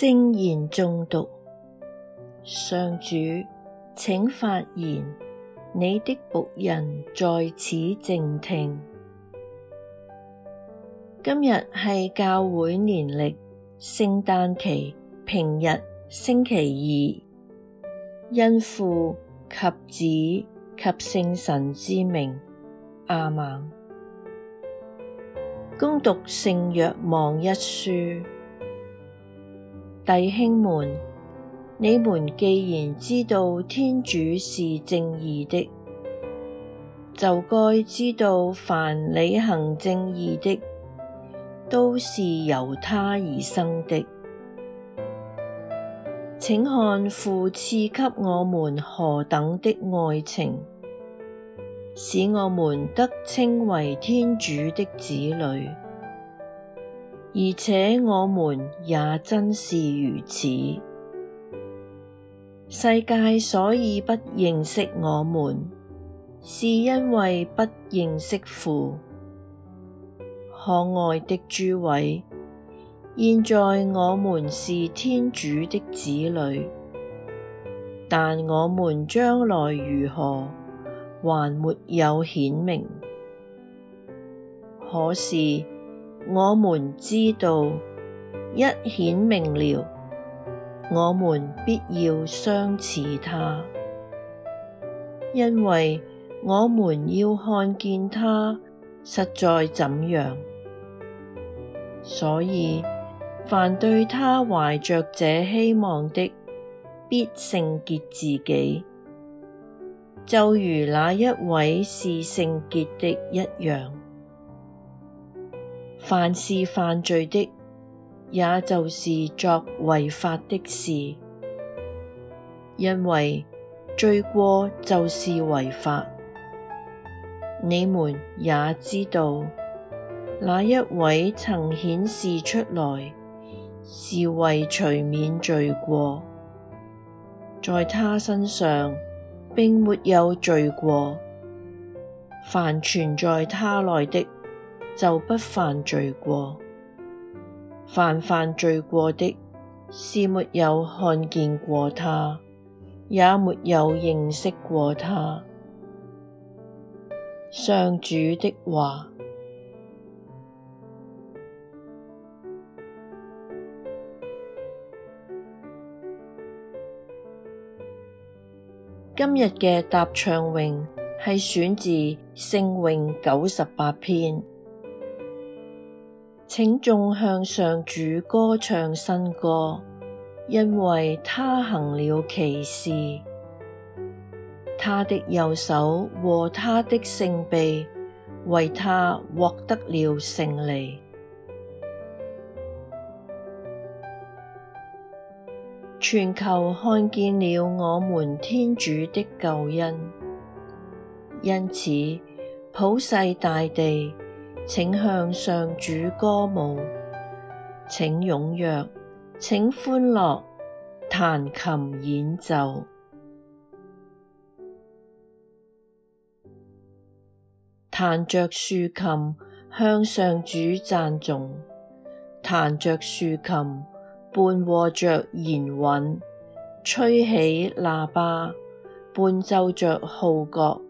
聖言誦讀，上主，請發言，你的僕人在此靜聽。今日係教會年曆聖誕期平日星期二，因父及子及聖神之名，阿們，恭讀聖若望一書。弟兄們，你們既然知道天主是正義的，就該知道凡履行正義的，都是由他而生的。請看父賜給我們何等的愛情，使我們得稱為天主的子女。而且我們也真是如此。世界所以不認識我們，是因為不認識父。可愛的諸位，現在我們是天主的子女，但我們將來如何，還沒有顯明。可是。我們知道一顯明了，我們必要相似他，因為我們要看見他實在怎樣。所以，凡對他懷着這希望的，必聖潔自己，就如那一位是聖潔的一樣。凡是犯罪的，也就是作違法的事，因為罪過就是違法。你們也知道，那一位曾顯示出來，是為除免罪過，在他身上並沒有罪過，凡存在他內的。就不犯罪過，凡犯罪過的是沒有看見過他，也沒有認識過他。上主的話，今日嘅答唱詠係選自聖詠九十八篇。請眾向上主歌唱新歌，因為他行了奇事，他的右手和他的聖臂，為他獲得了勝利，全球看見了我們天主的救恩，因此普世大地。請向上主歌舞，請踴躍，請歡樂，彈琴演奏，彈着豎琴，向上主讚頌，彈着豎琴伴和着弦韻，吹起喇叭，伴奏着號角，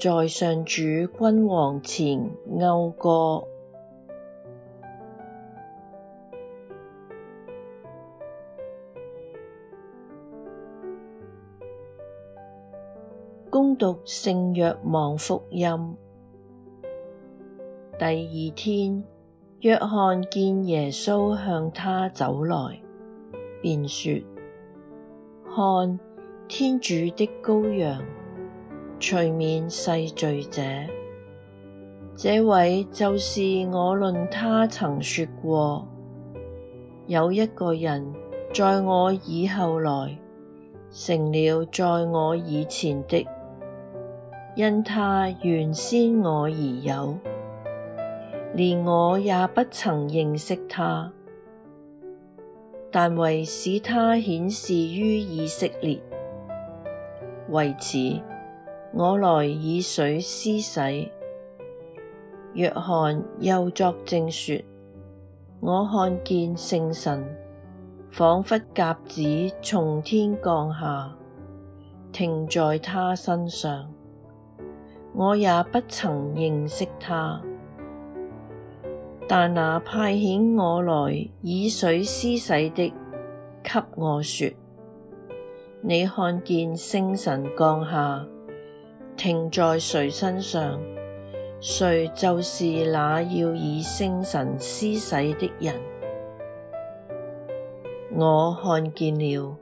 在上主君王前謳歌，恭讀聖若望福音。第二天，若翰見耶穌向他走來，便說：看，天主的羔羊。除免世罪者！這位就是我論他曾說過，有一個人在我以後來，成了在我以前的，因他原先我而有，連我也不曾認識他，但為使他顯示於以色列，為此。我來以水施洗。若翰又作證說：我看見聖神仿佛鴿子從天降下，停在他身上。我也不曾認識他，但那派遣我來以水施洗的，給我說：你看見聖神降下。停在誰身上，誰就是那要以聖神施洗的人。我看見了，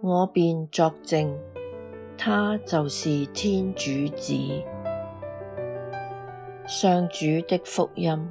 我便作證，他就是天主子。上主的福音。